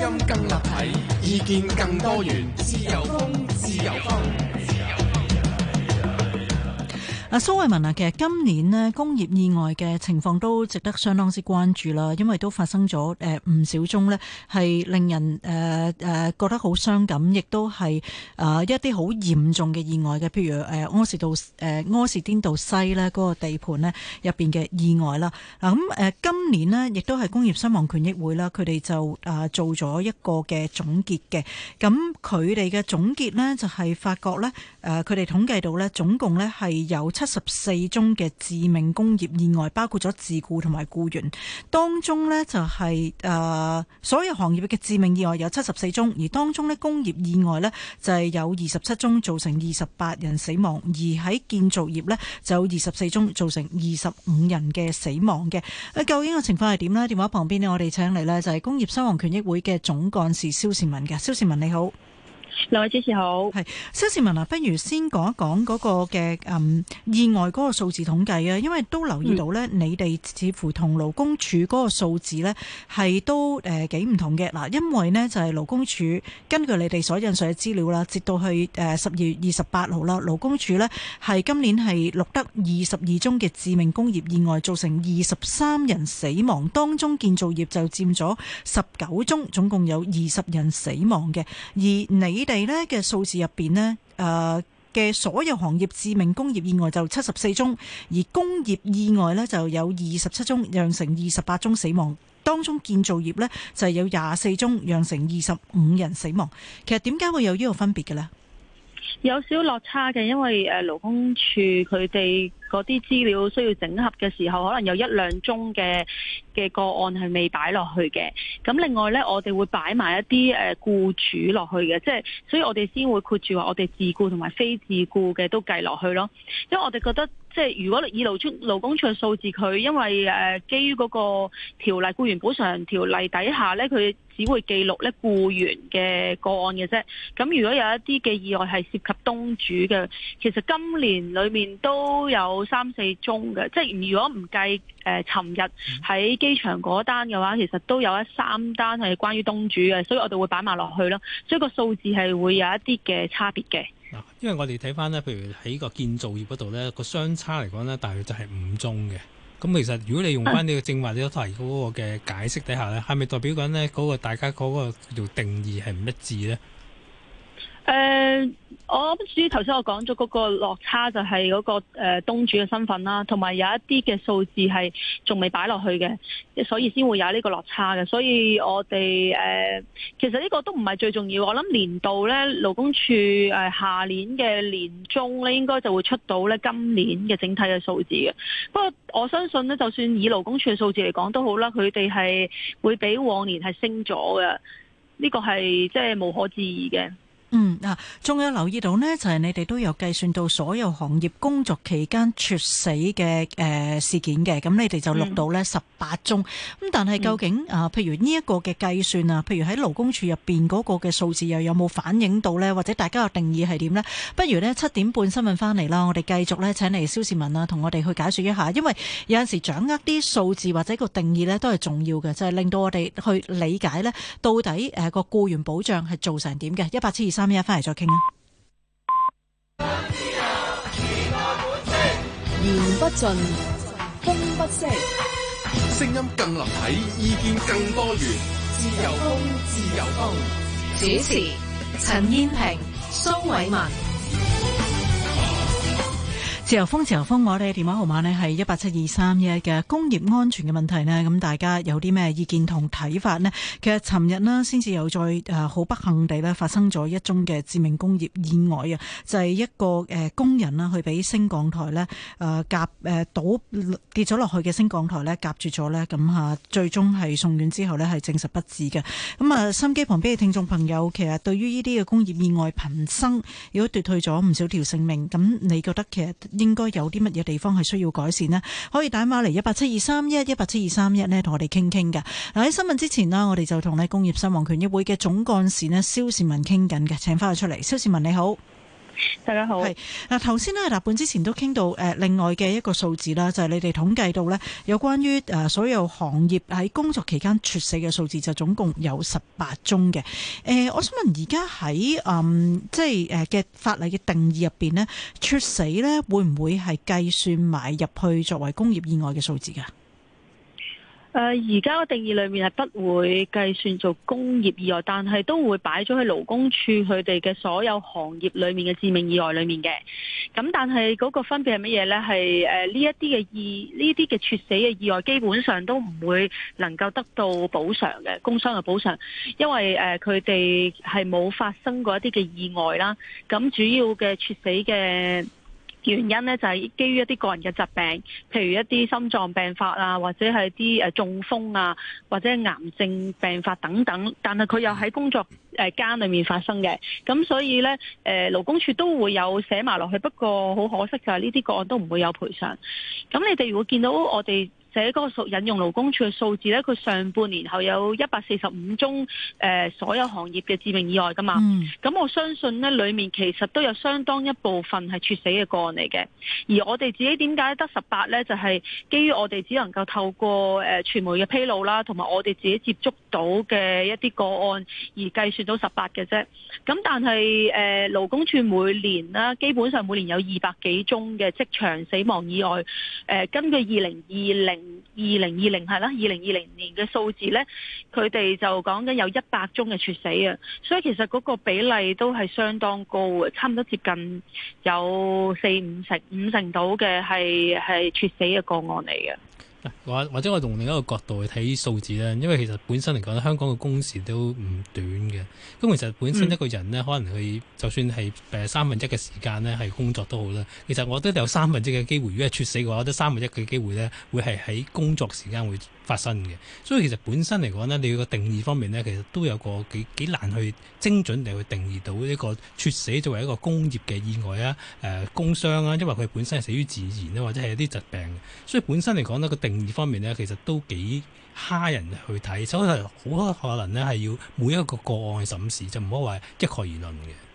聲音更立體，意見更多元，自由風，自由風。啊蕭倩文啊，其實今年呢工業意外嘅情況都值得相當之關注啦，因為都發生咗誒唔少宗呢係令人誒誒覺得好傷感，亦都係啊一啲好嚴重嘅意外嘅，譬如誒柯士道誒柯士甸道西呢嗰個地盤呢入邊嘅意外啦。嗱咁誒今年呢亦都係工業傷亡權益會啦，佢哋就啊做咗一個嘅總結嘅。咁佢哋嘅總結呢就係發覺呢誒佢哋統計到呢總共呢係有，七十四宗嘅致命工業意外，包括咗自僱同埋僱員當中呢、就是，就係誒所有行業嘅致命意外有七十四宗，而當中呢，工業意外呢，就係有二十七宗造成二十八人死亡，而喺建造業呢，就有二十四宗造成二十五人嘅死亡嘅。究竟個情況係點呢？電話旁邊呢，我哋請嚟呢，就係工業傷亡權益會嘅總幹事蕭倩文嘅，蕭倩文你好。兩位主持好，係，蕭倩文啊，不如先講一講嗰個嘅誒、嗯、意外嗰個數字統計啊，因為都留意到呢、嗯、你哋似乎同勞工處嗰個數字呢係都誒、呃、幾唔同嘅嗱，因為呢，就係、是、勞工處根據你哋所引述嘅資料啦，直到去誒十二、呃、月二十八號啦，勞工處呢係今年係錄得二十二宗嘅致命工業意外造成二十三人死亡，當中建造業就佔咗十九宗，總共有二十人死亡嘅，而你地咧，嘅數字入邊呢，誒嘅所有行業致命工業意外就七十四宗，而工業意外呢就有二十七宗，釀成二十八宗死亡。當中建造業呢就有廿四宗，釀成二十五人死亡。其實點解會有呢個分別嘅呢？有少落差嘅，因為誒勞工處佢哋。嗰啲資料需要整合嘅時候，可能有一兩宗嘅嘅個案係未擺落去嘅。咁另外呢，我哋會擺埋一啲誒僱主落去嘅，即係所以我哋先會括住話我哋自僱同埋非自僱嘅都計落去咯。因為我哋覺得即係如果以勞工勞工處數字佢，因為誒基於嗰個條例僱員補償條例底下呢，佢，只會記錄咧僱員嘅個案嘅啫，咁如果有一啲嘅意外係涉及東主嘅，其實今年裏面都有三四宗嘅，即係如果唔計誒，尋日喺機場嗰單嘅話，其實都有一三單係關於東主嘅，所以我哋會擺埋落去咯，所以個數字係會有一啲嘅差別嘅。嗱，因為我哋睇翻咧，譬如喺個建造業嗰度咧，個相差嚟講咧，大約就係五宗嘅。咁其實如果你用翻呢個正話呢題嗰個嘅解釋底下咧，係咪代表緊咧嗰個大家嗰個叫定義係唔一致咧？誒、呃，我諗至於頭先我講咗嗰個落差就、那個，就係嗰個誒東主嘅身份啦，同埋有一啲嘅數字係仲未擺落去嘅，所以先會有呢個落差嘅。所以我哋誒、呃，其實呢個都唔係最重要。我諗年度咧勞工處下、呃、年嘅年中咧，應該就會出到咧今年嘅整體嘅數字嘅。不過我相信咧，就算以勞工處嘅數字嚟講都好啦，佢哋係會比往年係升咗嘅，呢、這個係即係無可置疑嘅。嗯，嗱、啊，仲有留意到呢，就係、是、你哋都有計算到所有行業工作期間猝死嘅誒、呃、事件嘅，咁你哋就錄到呢十八宗。咁、嗯、但係究竟啊，譬如呢一個嘅計算啊，譬如喺勞工處入邊嗰個嘅數字又有冇反映到呢，或者大家嘅定義係點呢？不如呢七點半新聞翻嚟啦，我哋繼續呢請嚟蕭倩文啊，同我哋去解說一下，因為有陣時掌握啲數字或者個定義呢都係重要嘅，就係、是、令到我哋去理解呢到底誒、呃、個僱員保障係做成點嘅，一百至二十。三日，翻嚟再傾啊！言不盡，風不息，聲音更立體，意見更多元。自由風，自由風。主持：陳燕萍、蘇偉文。自由風，自由風，我哋嘅電話號碼呢係一八七二三一嘅工業安全嘅問題呢，咁大家有啲咩意見同睇法呢？其實尋日呢，先至有再誒好不幸地呢發生咗一宗嘅致命工業意外啊！就係一個誒工人呢去俾升降台呢，誒夾誒倒跌咗落去嘅升降台呢，夾住咗呢。咁啊最終係送院之後呢，係證實不治嘅。咁啊，收機旁邊嘅聽眾朋友，其實對於呢啲嘅工業意外頻生，如果奪去咗唔少條性命，咁你覺得其實？應該有啲乜嘢地方係需要改善呢？可以打電話嚟一八七二三一一八七二三一呢，同我哋傾傾嘅。嗱，喺新聞之前啦，我哋就同咧工業傷亡權益會嘅總幹事咧蕭倩文傾緊嘅，請翻佢出嚟。蕭倩文你好。大家好。係嗱，頭先咧，答本之前都傾到誒，另外嘅一個數字啦，就係你哋統計到咧，有關於誒所有行業喺工作期間猝死嘅數字，就總共有十八宗嘅。誒、欸，我想問而家喺嗯，即係誒嘅法例嘅定義入邊咧，猝死咧會唔會係計算埋入去作為工業意外嘅數字噶？誒而家嘅定義裏面係不會計算做工業意外，但係都會擺咗喺勞工處佢哋嘅所有行業裏面嘅致命意外裏面嘅。咁但係嗰個分別係乜嘢呢？係誒呢一啲嘅意，呢啲嘅猝死嘅意外，基本上都唔會能夠得到補償嘅，工傷嘅補償，因為誒佢哋係冇發生過一啲嘅意外啦。咁主要嘅猝死嘅。原因呢就係基於一啲個人嘅疾病，譬如一啲心臟病發啊，或者係啲誒中風啊，或者癌症病發等等。但係佢又喺工作誒間裏面發生嘅，咁所以呢誒勞工處都會有寫埋落去。不過好可惜㗎，呢啲個案都唔會有賠償。咁你哋如果見到我哋，就係、是、嗰個引用勞工處嘅數字咧，佢上半年後有一百四十五宗誒、呃、所有行業嘅致命意外㗎嘛。咁、嗯、我相信呢裡面其實都有相當一部分係猝死嘅個案嚟嘅。而我哋自己點解得十八咧？就係、是、基於我哋只能夠透過誒、呃、傳媒嘅披露啦，同埋我哋自己接觸到嘅一啲個案而計算到十八嘅啫。咁但係誒、呃、勞工處每年啦，基本上每年有二百幾宗嘅職場死亡意外。誒、呃、根據二零二零二零二零係啦，二零二零年嘅數字呢，佢哋就講緊有一百宗嘅猝死啊，所以其實嗰個比例都係相當高嘅，差唔多接近有四五成五成度嘅係係猝死嘅個案嚟嘅。或或者我從另一個角度去睇數字呢，因為其實本身嚟講香港嘅工時都唔短嘅。咁其實本身一個人呢、嗯，可能佢就算係誒三分一嘅時間呢，係工作都好啦。其實我覺得有三分一嘅機會，如果係猝死嘅話，我覺得三分一嘅機會呢，會係喺工作時間會發生嘅。所以其實本身嚟講呢，你個定義方面呢，其實都有個幾幾難去精準地去定義到一個猝死作為一個工業嘅意外啊，誒、呃、工傷啊，因為佢本身係死於自然啊，或者係有啲疾病。所以本身嚟講呢，個定定義方面呢，其實都幾蝦人去睇，所以好多可能呢，係要每一個個案去審視，就唔可以話一概而論嘅。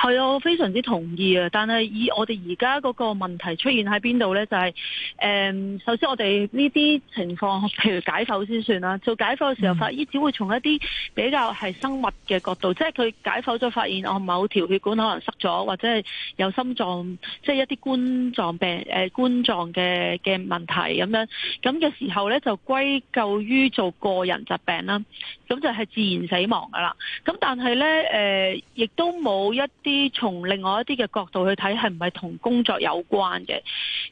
係啊，我非常之同意啊！但係以我哋而家嗰個問題出現喺邊度呢？就係、是、誒、嗯，首先我哋呢啲情況，譬如解剖先算啦。做解剖嘅時候，嗯、法醫只會從一啲比較係生物嘅角度，即係佢解剖咗發現係某條血管可能塞咗，或者係有心臟即係一啲冠狀病誒、呃、冠狀嘅嘅問題咁樣。咁嘅時候呢，就歸咎於做個人疾病啦，咁就係自然死亡噶啦。咁但係呢，誒、呃，亦都冇一啲。啲從另外一啲嘅角度去睇，係唔係同工作有關嘅？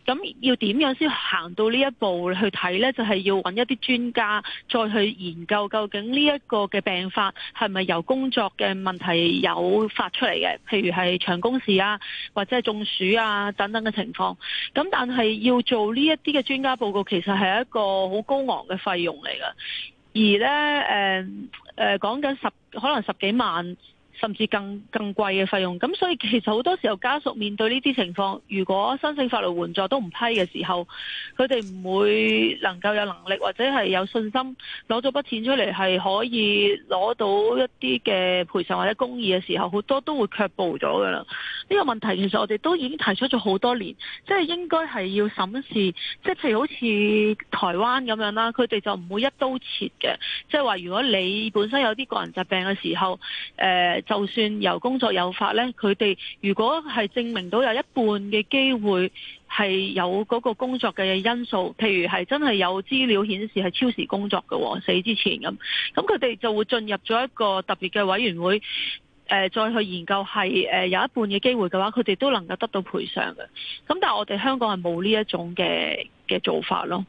咁要點樣先行到呢一步去睇呢？就係、是、要揾一啲專家再去研究，究竟呢一個嘅病發係咪由工作嘅問題有發出嚟嘅？譬如係長工時啊，或者係中暑啊等等嘅情況。咁但係要做呢一啲嘅專家報告，其實係一個好高昂嘅費用嚟噶。而呢，誒、呃、誒，講、呃、緊十可能十幾萬。甚至更更貴嘅費用，咁所以其實好多時候家屬面對呢啲情況，如果申請法律援助都唔批嘅時候，佢哋唔會能夠有能力或者係有信心攞咗筆錢出嚟，係可以攞到一啲嘅賠償或者公義嘅時候，好多都會卻步咗噶啦。呢個問題其實我哋都已經提出咗好多年，即係應該係要審視，即係譬如好似台灣咁樣啦，佢哋就唔會一刀切嘅，即係話如果你本身有啲個人疾病嘅時候，呃就算由工作有法呢，佢哋如果係證明到有一半嘅機會係有嗰個工作嘅因素，譬如係真係有資料顯示係超時工作嘅死之前咁，咁佢哋就會進入咗一個特別嘅委員會，呃，再去研究係誒有一半嘅機會嘅話，佢哋都能夠得到賠償嘅。咁但係我哋香港係冇呢一種嘅嘅做法咯。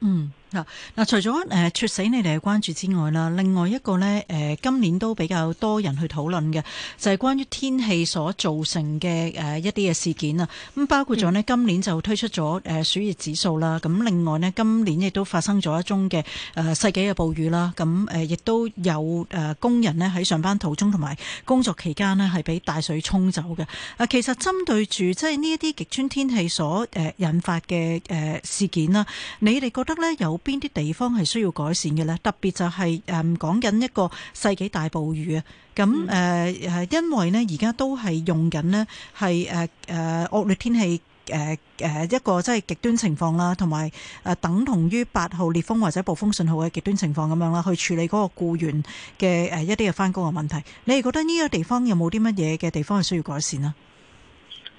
嗯。嗱嗱，除咗誒猝死，你哋嘅關注之外啦，另外一個咧誒今年都比較多人去討論嘅，就係關於天氣所造成嘅誒一啲嘅事件啊。咁包括咗咧，今年就推出咗誒暑熱指數啦。咁另外咧，今年亦都發生咗一宗嘅誒世紀嘅暴雨啦。咁誒亦都有誒工人咧喺上班途中同埋工作期間咧係俾大水沖走嘅。啊，其實針對住即係呢一啲極端天氣所誒引發嘅誒事件啦，你哋覺得咧有？邊啲地方係需要改善嘅咧？特別就係誒講緊一個世紀大暴雨啊。咁誒係因為呢，而家都係用緊呢，係誒誒惡劣天氣誒誒一個即係極端情況啦，同埋誒等同於八號烈風或者暴風信號嘅極端情況咁樣啦，去處理嗰個雇員嘅誒一啲嘅翻工嘅問題。你哋覺得呢個地方有冇啲乜嘢嘅地方係需要改善啊？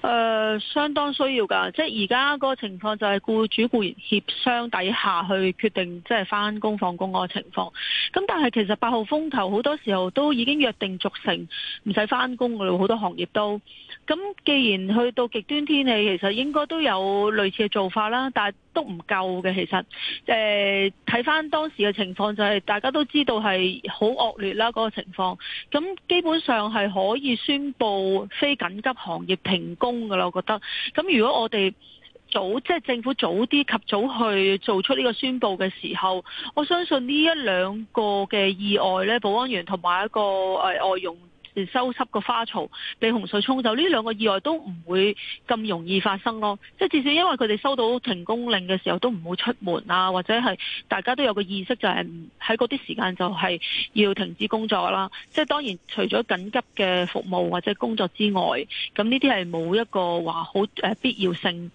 誒、呃，相當需要噶，即係而家嗰個情況就係僱主僱員協商底下去決定，即係返工放工嗰個情況。咁但係其實八號風球好多時候都已經約定俗成不用，唔使返工噶啦，好多行業都。咁既然去到極端天氣，其實應該都有類似嘅做法啦，但係。都唔夠嘅，其實誒睇翻當時嘅情況，就係、是、大家都知道係好惡劣啦嗰、那個情況。咁基本上係可以宣布非緊急行業停工㗎啦，我覺得。咁如果我哋早，即係政府早啲及早去做出呢個宣布嘅時候，我相信呢一兩個嘅意外呢，保安員同埋一個誒、呃、外傭。收濕個花槽被洪水沖走，呢兩個意外都唔會咁容易發生咯。即係至少因為佢哋收到停工令嘅時候，都唔會出門啊，或者係大家都有個意識，就係喺嗰啲時間就係要停止工作啦。即係當然除咗緊急嘅服務或者工作之外，咁呢啲係冇一個話好必要性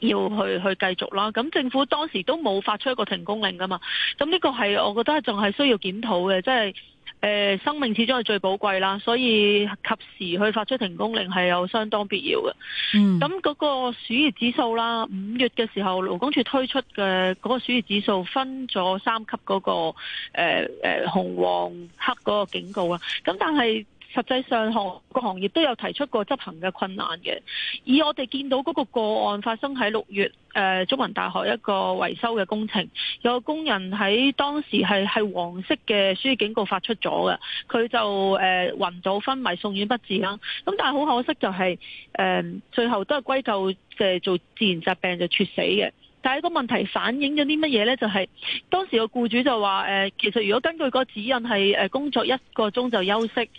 要去去繼續啦。咁政府當時都冇發出一個停工令㗎嘛。咁呢個係我覺得仲係需要檢討嘅，即係。誒、呃，生命始終係最寶貴啦，所以及時去發出停工令係有相當必要嘅。咁、嗯、嗰個暑熱指數啦，五月嘅時候，勞工處推出嘅嗰個暑熱指數分咗三級嗰、那個誒誒、呃呃、紅黃黑嗰個警告啦。咁但係，實際上行個行業都有提出過執行嘅困難嘅，以我哋見到嗰個個案發生喺六月，誒、呃、中文大學一個維修嘅工程，有個工人喺當時係係黃色嘅暑熱警告發出咗嘅，佢就誒、呃、暈倒昏迷送院不治啦，咁但係好可惜就係、是、誒、呃、最後都係歸咎就係做自然疾病就猝死嘅。但係個問題反映咗啲乜嘢呢？就係、是、當時個僱主就話、呃，其實如果根據個指引係工作一個鐘就休息、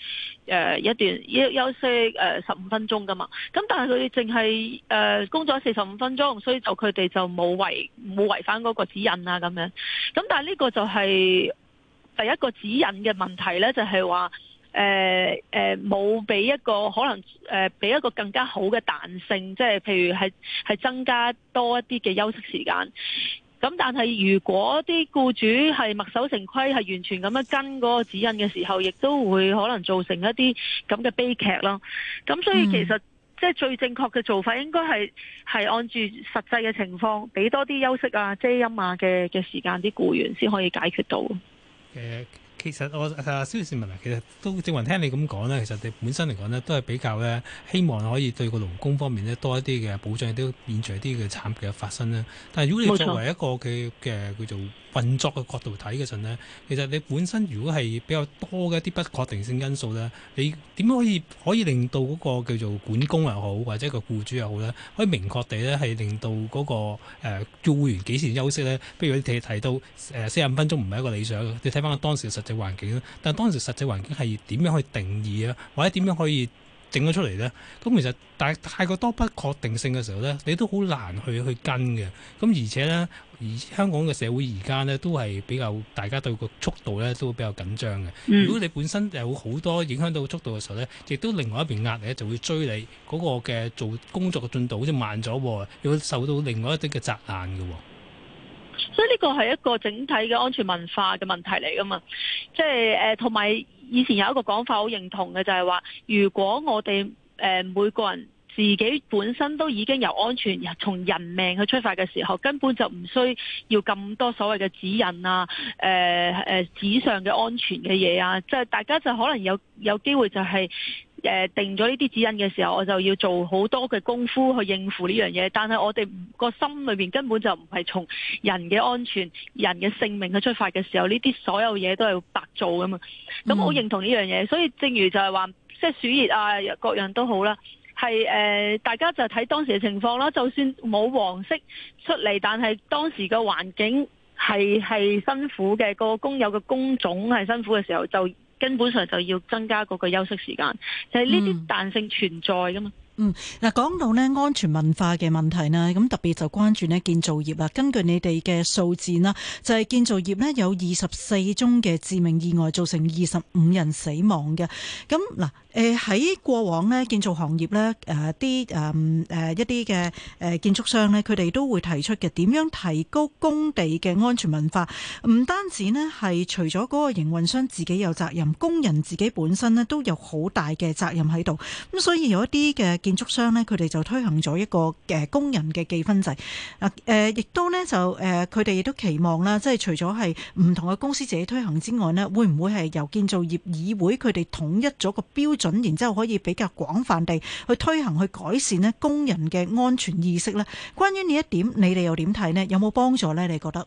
呃、一段，休息誒十五分鐘噶嘛。咁但係佢哋淨係工作四十五分鐘，所以就佢哋就冇違冇違反嗰個指引啊咁樣。咁但係呢個就係第一個指引嘅問題呢，就係話。誒誒冇俾一個可能誒俾、呃、一個更加好嘅彈性，即係譬如係係增加多一啲嘅休息時間。咁但係如果啲僱主係墨守成規，係完全咁樣跟嗰個指引嘅時候，亦都會可能造成一啲咁嘅悲劇咯。咁所以其實、嗯、即係最正確嘅做法應該係係按住實際嘅情況，俾多啲休息啊、遮陰啊嘅嘅時間啲僱員先可以解決到。誒。其實我蕭倩文啊，其實都正雲聽你咁講咧，其實你本身嚟講呢，都係比較咧，希望可以對個勞工方面呢多一啲嘅保障，都免除一啲嘅慘劇嘅發生啦。但如果你作為一個嘅嘅叫做運作嘅角度睇嘅時候呢，其實你本身如果係比較多嘅一啲不確定性因素咧，你點可以可以令到嗰個叫做管工又好或者一個僱主又好咧，可以明確地咧係令到嗰、那個誒僱、呃、員幾時休息呢？比如你提提到四十五分鐘唔係一個理想，你睇翻當時嘅實際環境，但係當時實際環境係點樣去定義啊，或者點樣可以整咗出嚟呢？咁其實大太過多不確定性嘅時候呢，你都好難去去跟嘅。咁而且呢，而香港嘅社會而家呢，都係比較大家對個速度呢，都會比較緊張嘅。如果你本身有好多影響到速度嘅時候呢，亦都另外一邊壓力就會追你嗰個嘅做工作嘅進度好似慢咗，會受到另外一啲嘅責難嘅。所以呢個係一個整體嘅安全文化嘅問題嚟噶嘛，即係誒同埋以前有一個講法好認同嘅就係話如果我哋、呃、每個人自己本身都已經由安全，從人命去出發嘅時候，根本就唔需要咁多所謂嘅指引啊，誒誒紙上嘅安全嘅嘢啊，就係大家就可能有有機會就係。誒、呃、定咗呢啲指引嘅時候，我就要做好多嘅功夫去應付呢樣嘢。但係我哋個心裏面根本就唔係從人嘅安全、人嘅性命去出發嘅時候，呢啲所有嘢都係白做噶嘛。咁我認同呢樣嘢。所以正如就係話，即係暑熱啊，各樣都好啦。係、呃、大家就睇當時嘅情況啦。就算冇黃色出嚟，但係當時個環境係係辛苦嘅，個工友嘅工種係辛苦嘅時候就。根本上就要增加嗰個休息時間，就係呢啲彈性存在噶嘛。嗯嗯，嗱，講到呢安全文化嘅問題呢，咁特別就關注呢建造業啦。根據你哋嘅數字啦，就係、是、建造業呢有二十四宗嘅致命意外，造成二十五人死亡嘅。咁嗱，誒、呃、喺過往呢建造行業呢誒啲誒誒一啲嘅誒建築商呢，佢哋都會提出嘅點樣提高工地嘅安全文化？唔單止呢係除咗嗰個營運商自己有責任，工人自己本身呢都有好大嘅責任喺度。咁所以有一啲嘅。建築商咧，佢哋就推行咗一個誒工人嘅記分制啊。誒、呃，亦都咧就誒，佢哋亦都期望啦，即係除咗係唔同嘅公司自己推行之外呢，會唔會係由建造業議會佢哋統一咗個標準，然之後可以比較廣泛地去推行去改善咧工人嘅安全意識呢？關於呢一點，你哋又點睇呢？有冇幫助呢？你覺得？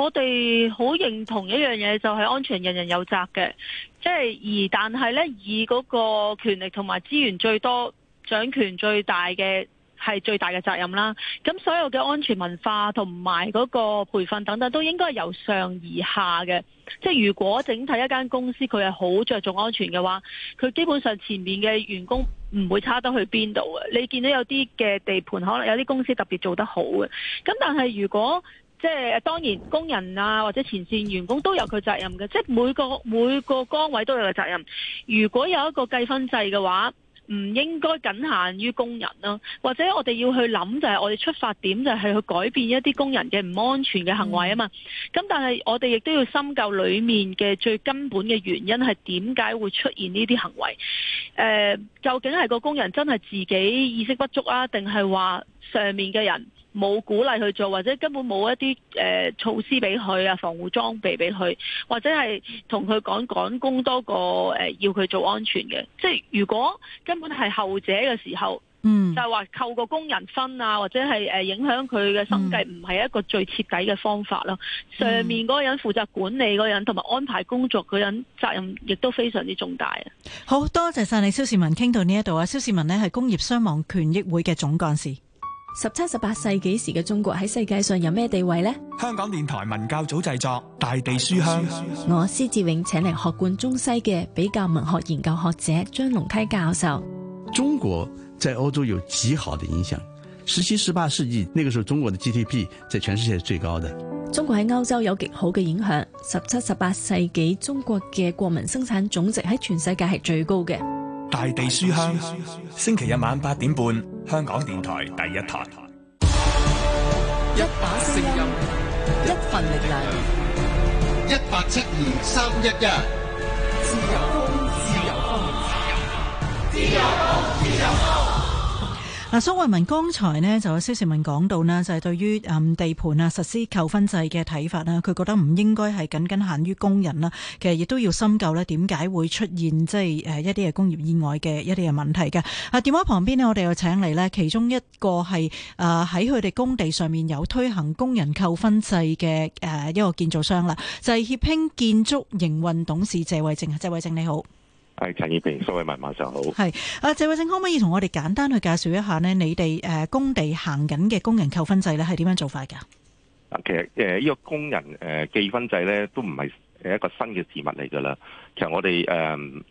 我哋好認同一樣嘢，就係安全人人有責嘅，即係而但係呢，以嗰個權力同埋資源最多掌權最大嘅係最大嘅責任啦。咁所有嘅安全文化同埋嗰個培訓等等，都應該由上而下嘅。即係如果整體一間公司佢係好着重安全嘅話，佢基本上前面嘅員工唔會差得去邊度嘅。你見到有啲嘅地盤可能有啲公司特別做得好嘅，咁但係如果。即係當然，工人啊或者前線員工都有佢責任嘅，即係每個每個崗位都有個責任。如果有一個計分制嘅話，唔應該僅限於工人啦、啊。或者我哋要去諗就係、是、我哋出發點就係去改變一啲工人嘅唔安全嘅行為啊嘛。咁但係我哋亦都要深究裏面嘅最根本嘅原因係點解會出現呢啲行為？呃、究竟係個工人真係自己意識不足啊，定係話上面嘅人？冇鼓勵去做，或者根本冇一啲誒、呃、措施俾佢啊，防護裝備俾佢，或者係同佢講趕工多過誒、呃、要佢做安全嘅。即係如果根本係後者嘅時候，嗯，就係、是、話扣個工人分啊，或者係誒、呃、影響佢嘅生計，唔係一個最徹底嘅方法咯、嗯。上面嗰個人負責管理嗰人，同、嗯、埋安排工作嗰人，責任亦都非常之重大。好多謝晒你，蕭倩文傾到民呢一度啊。蕭倩文呢係工業傷亡權益會嘅總幹事。十七、十八世紀時嘅中國喺世界上有咩地位呢？香港電台文教組製作《大地書香》書香，我施志永請嚟學貫中西嘅比較文學研究學者張龍溪教授。中國在歐洲有極好的影響。十七、十八世紀，那個時候中國的 GDP 在全世界是最高嘅。中國喺歐洲有極好嘅影響。十七、十八世紀，中國嘅國民生產總值喺全世界係最高嘅。《大地書香》書香嗯，星期日晚八點半。香港電台第一台，一把聲音，一份力量，一八七二三一一，自由風，自由風，自由，自由風，自由風。嗱，蘇偉文剛才呢，就有蕭倩文，講到呢就係對於地盤啊實施扣分制嘅睇法呢，佢覺得唔應該係僅僅限於工人啦，其實亦都要深究呢點解會出現即係誒一啲嘅工業意外嘅一啲嘅問題嘅。啊，電話旁邊呢，我哋又請嚟呢，其中一個係誒喺佢哋工地上面有推行工人扣分制嘅誒一個建造商啦，就係協興建築營運董事謝偉正，謝偉正你好。係陳業平，蕭倩文晚上好。係啊，謝偉正可唔可以同我哋簡單去介紹一下呢？你哋誒工地行緊嘅工人扣分制咧，係點樣做法嘅？啊，其實誒呢個工人誒記分制咧，都唔係誒一個新嘅事物嚟噶啦。其實我哋誒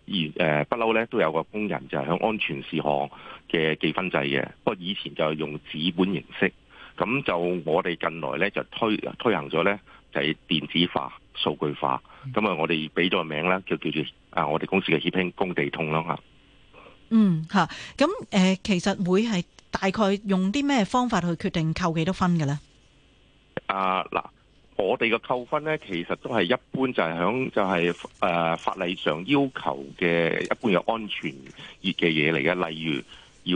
而誒不嬲咧都有個工人就係喺安全事項嘅記分制嘅。不過以前就係用紙本形式，咁就我哋近來咧就推推行咗咧就係電子化、數據化。咁啊，我哋俾咗個名啦，叫叫做啊，我哋公司嘅協興工地通啦吓。嗯吓，咁、嗯、誒，其實會係大概用啲咩方法去決定扣幾多分嘅咧？啊、嗯、嗱、呃呃，我哋嘅扣分咧，其實都係一般就是在，就係響就係誒法例上要求嘅一般嘅安全熱嘅嘢嚟嘅，例如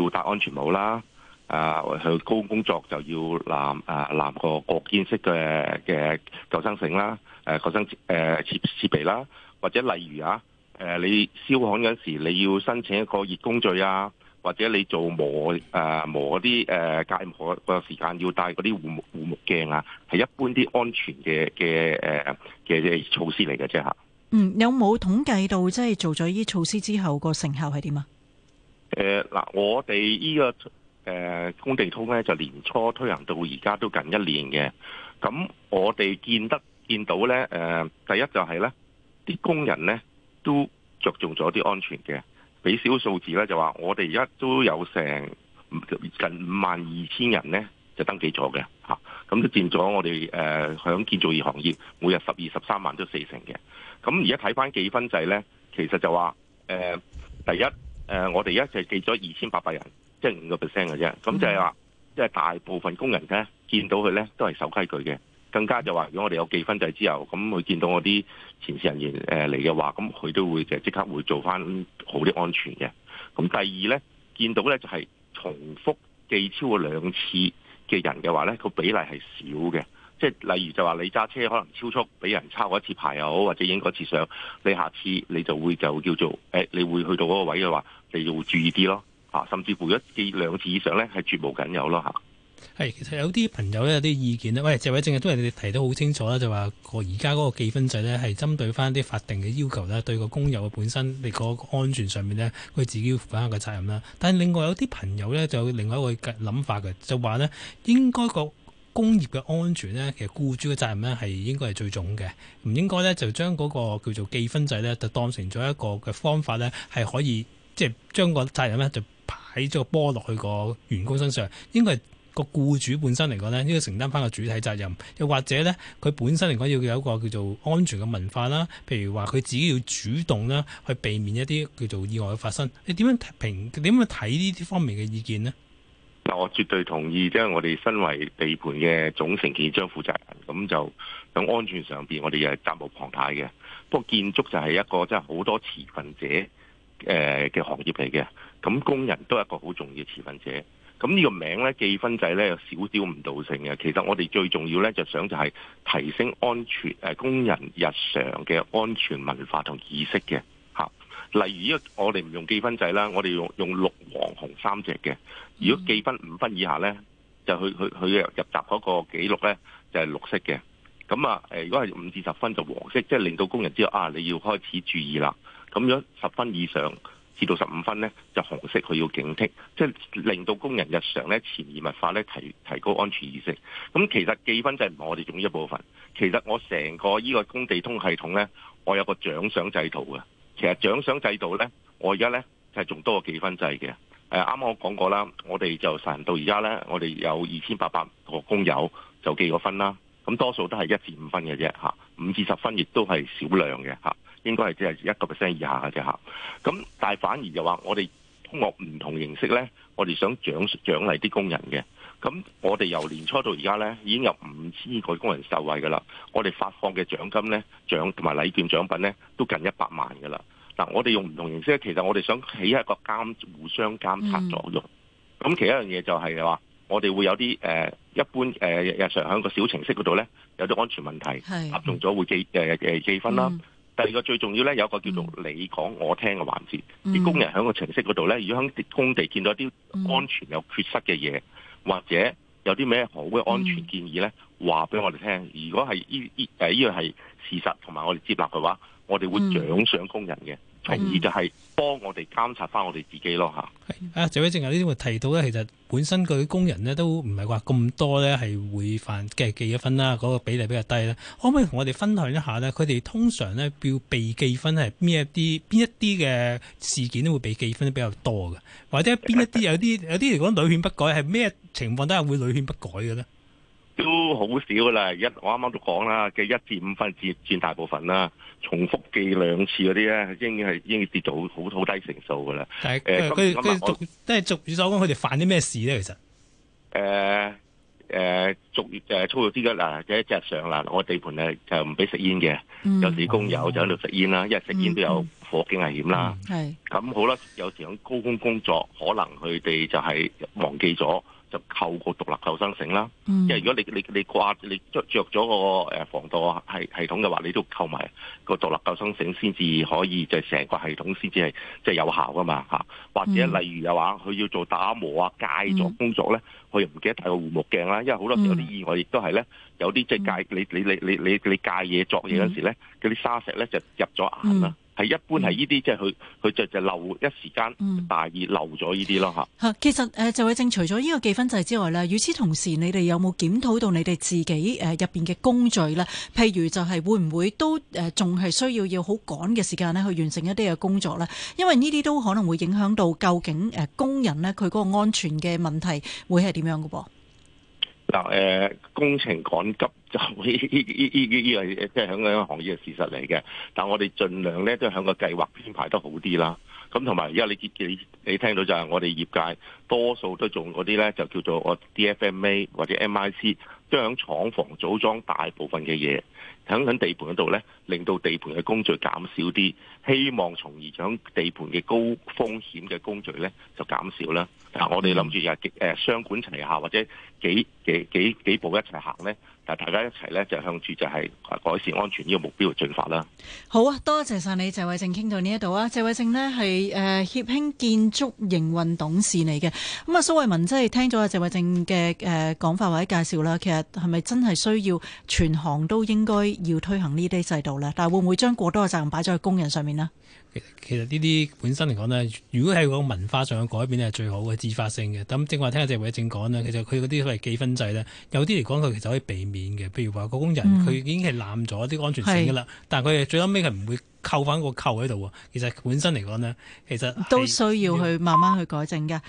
要戴安全帽啦，啊、呃、去高工作就要攬啊攬個國建式嘅嘅救生繩啦。呃誒，救生設誒設設備啦，或者例如啊，誒你燒焊嗰時你要申請一個熱工序啊，或者你做磨誒磨嗰啲隔介磨個時間要戴嗰啲護護目鏡啊，係一般啲安全嘅嘅誒嘅嘅措施嚟嘅啫嚇。嗯，有冇統計到即係、就是、做咗呢啲措施之後個成效係點啊？誒、呃、嗱，我哋呢個誒工地通咧就年初推行到而家都近一年嘅，咁我哋見得。見到咧，誒、呃，第一就係咧，啲工人咧都着重咗啲安全嘅，俾少數字咧就話，我哋而家都有成近五萬二千人咧就登記咗嘅，咁、啊、都佔咗我哋誒響建造業行業每日十二十三萬都四成嘅，咁而家睇返記分制咧，其實就話誒、呃，第一誒、呃，我哋而家就係記咗二千八百人，即係五個 percent 嘅啫，咁就係話，即、就、係、是、大部分工人咧見到佢咧都係守規矩嘅。更加就話，如果我哋有記分制之後，咁佢見到我啲前線人員誒嚟嘅話，咁佢都會即刻會做翻好啲安全嘅。咁第二呢，見到呢就係重複記超過兩次嘅人嘅話呢，個比例係少嘅。即係例如就話你揸車可能超速俾人抄過一次牌又好，或者影過一次相，你下次你就會就叫做、哎、你會去到嗰個位嘅話，你要注意啲咯、啊、甚至乎一記兩次以上呢，係絕無僅有咯吓。係，其實有啲朋友咧有啲意見呢。喂，謝偉正，亦都係你哋提得好清楚啦，就話個而家嗰個記分制呢，係針對翻啲法定嘅要求呢，對個工友嘅本身，你個安全上面呢，佢自己要負翻一個責任啦。但係另外有啲朋友呢，就有另外一個諗法嘅，就話呢，應該個工業嘅安全呢，其實僱主嘅責任呢，係應該係最重嘅，唔應該呢，就將嗰個叫做記分制呢，就當成咗一個嘅方法呢，係可以即係將個責任呢，就擺咗個波落去個員工身上，應該。個僱主本身嚟講咧，應該承擔翻個主體責任，又或者呢，佢本身嚟講要有一個叫做安全嘅文化啦。譬如話，佢自己要主動啦，去避免一啲叫做意外嘅發生。你點樣評？點樣睇呢啲方面嘅意見呢？嗱，我絕對同意，即係我哋身為地盤嘅總承建商負責人，咁就喺安全上邊，我哋又係責無旁貸嘅。不過建築就係一個真係好多持份者誒嘅行業嚟嘅，咁工人都係一個好重要嘅持份者。咁呢個名咧記分呢，咧有少少誤導性嘅，其實我哋最重要咧就想就係提升安全、呃、工人日常嘅安全文化同意識嘅、啊、例如，如我哋唔用記分仔啦，我哋用用綠黃紅三隻嘅。如果記分五分以下咧，就去去去入入閘嗰個記錄咧就係、是、綠色嘅。咁啊如果係五至十分就黃色，即、就、係、是、令到工人知道啊，你要開始注意啦。咁樣十分以上，至到十五分咧就紅色，佢要警惕，即係令到工人日常咧潛移默化咧提提高安全意識。咁其實記分制唔係我哋重一部分，其實我成個依個工地通系統咧，我有個獎賞制度嘅。其實獎賞制度咧，我而家咧就係仲多過記分制嘅。誒，啱啱我講過啦，我哋就實行到而家咧，我哋有二千八百個工友就記過分啦。咁多數都係一至五分嘅啫嚇，五至十分亦都係少量嘅嚇。應該係只係一個 percent 以下嘅啫嚇，咁但係反而就話我哋通過唔同形式咧，我哋想獎獎勵啲工人嘅。咁我哋由年初到而家咧，已經有五千個工人受惠㗎喇。我哋發放嘅獎金咧，獎同埋禮券獎品咧，都近一百萬㗎喇。嗱，我哋用唔同形式，其實我哋想起一個監互相監察作用。咁、mm.，其一樣嘢就係話，我哋會有啲誒一般誒日常喺個小程式嗰度咧，有啲安全問題，合縱咗會記誒誒記分啦。第二個最重要咧，有一個叫做你講我聽嘅環節，啲工人喺個程式嗰度咧，如果喺工地見到一啲安全有缺失嘅嘢，或者有啲咩好嘅安全建議咧，話、嗯、俾我哋聽。如果係依依誒依個係事實，同埋我哋接納嘅話，我哋會獎賞工人嘅。第二就係、是。幫我哋監察翻我哋自己咯吓。啊，謝偉正有啲會提到咧，其實本身佢工人咧都唔係話咁多咧，係會犯記記一分啦，嗰、嗰個比例比較低咧。可唔可以同我哋分享一下咧？佢哋通常咧要被記分係邊一啲？邊一啲嘅事件都會被記分得比較多嘅，或者邊一啲有啲 有啲嚟講屢勸不改係咩情況都係會屢勸不改嘅咧？都好少噶啦，一我啱啱都講啦，嘅一至五分佔佔大部分啦，重複記兩次嗰啲咧，已經係已經跌到好好低成數噶啦。誒，佢、呃嗯、即係俗語所講，佢哋犯啲咩事咧？其實誒誒，續誒、呃、粗魯啲啦，即係一日上啦，我地盤誒就唔俾食煙嘅、嗯，有時工友就喺度食煙啦、嗯，因為食煙都有火警危險啦。係、嗯、咁、嗯嗯嗯、好啦，有時響高空工，工作，可能佢哋就係忘記咗。就扣個獨立救生繩啦，因為、嗯、如果你你你掛你著著咗個防盜係系統嘅話，你都扣埋個獨立救生繩先至可以，就係成個系統先至係即係有效噶嘛嚇。或者例如嘅話，佢要做打磨啊戒咗工作咧，佢又唔記得帶個護目鏡啦。因為好多時、嗯、有啲意外亦都係咧，有啲即係戒、嗯、你你你你你你戒嘢作嘢嗰時咧，嗰、嗯、啲沙石咧就入咗眼啦。係一般係呢啲，即係佢佢就就漏一時間大意漏咗呢啲咯吓。吓、嗯嗯，其實誒，就偉正，除咗呢個記分制之外咧，與此同時，你哋有冇檢討到你哋自己誒入邊嘅工序咧？譬如就係會唔會都誒仲係需要要好趕嘅時間咧去完成一啲嘅工作咧？因為呢啲都可能會影響到究竟誒工人咧佢嗰個安全嘅問題會係點樣噶噃？就誒工程趕急，就依依依依依依個嘢，即係響個行業嘅事實嚟嘅。但係我哋儘量咧都喺個計劃編排得好啲啦。咁同埋而家你你你聽到就係我哋業界多數都做嗰啲咧，就叫做我 D F M A 或者 M I C，都響廠房組裝大部分嘅嘢。響喺地盤嗰度咧，令到地盤嘅工序減少啲，希望從而將地盤嘅高風險嘅工序咧就減少啦。嗱、嗯，我哋諗住又幾誒雙管齊下，或者幾幾幾幾步一齊行咧。大家一齊呢，就向住就係改善安全呢個目標嚟進發啦。好啊，多謝晒你，謝偉正傾到呢一度啊。謝偉正呢係誒、呃、協興建築營運董事嚟嘅。咁、嗯、啊，蕭倩文即係聽咗阿謝偉正嘅誒講法或者介紹啦。其實係咪真係需要全行都應該要推行呢啲制度呢？但係會唔會將過多嘅責任擺咗去工人上面呢？其實呢啲本身嚟講呢，如果係個文化上嘅改變咧，係最好嘅自發性嘅。咁正話聽阿謝偉正講呢，其實佢嗰啲所謂記分制呢，有啲嚟講佢其實是可以避免嘅。譬如話個工人佢、嗯、已經係濫咗啲安全性噶啦，但係佢最後尾係唔會扣翻個扣喺度喎。其實本身嚟講呢，其實都需要去慢慢去改正嘅。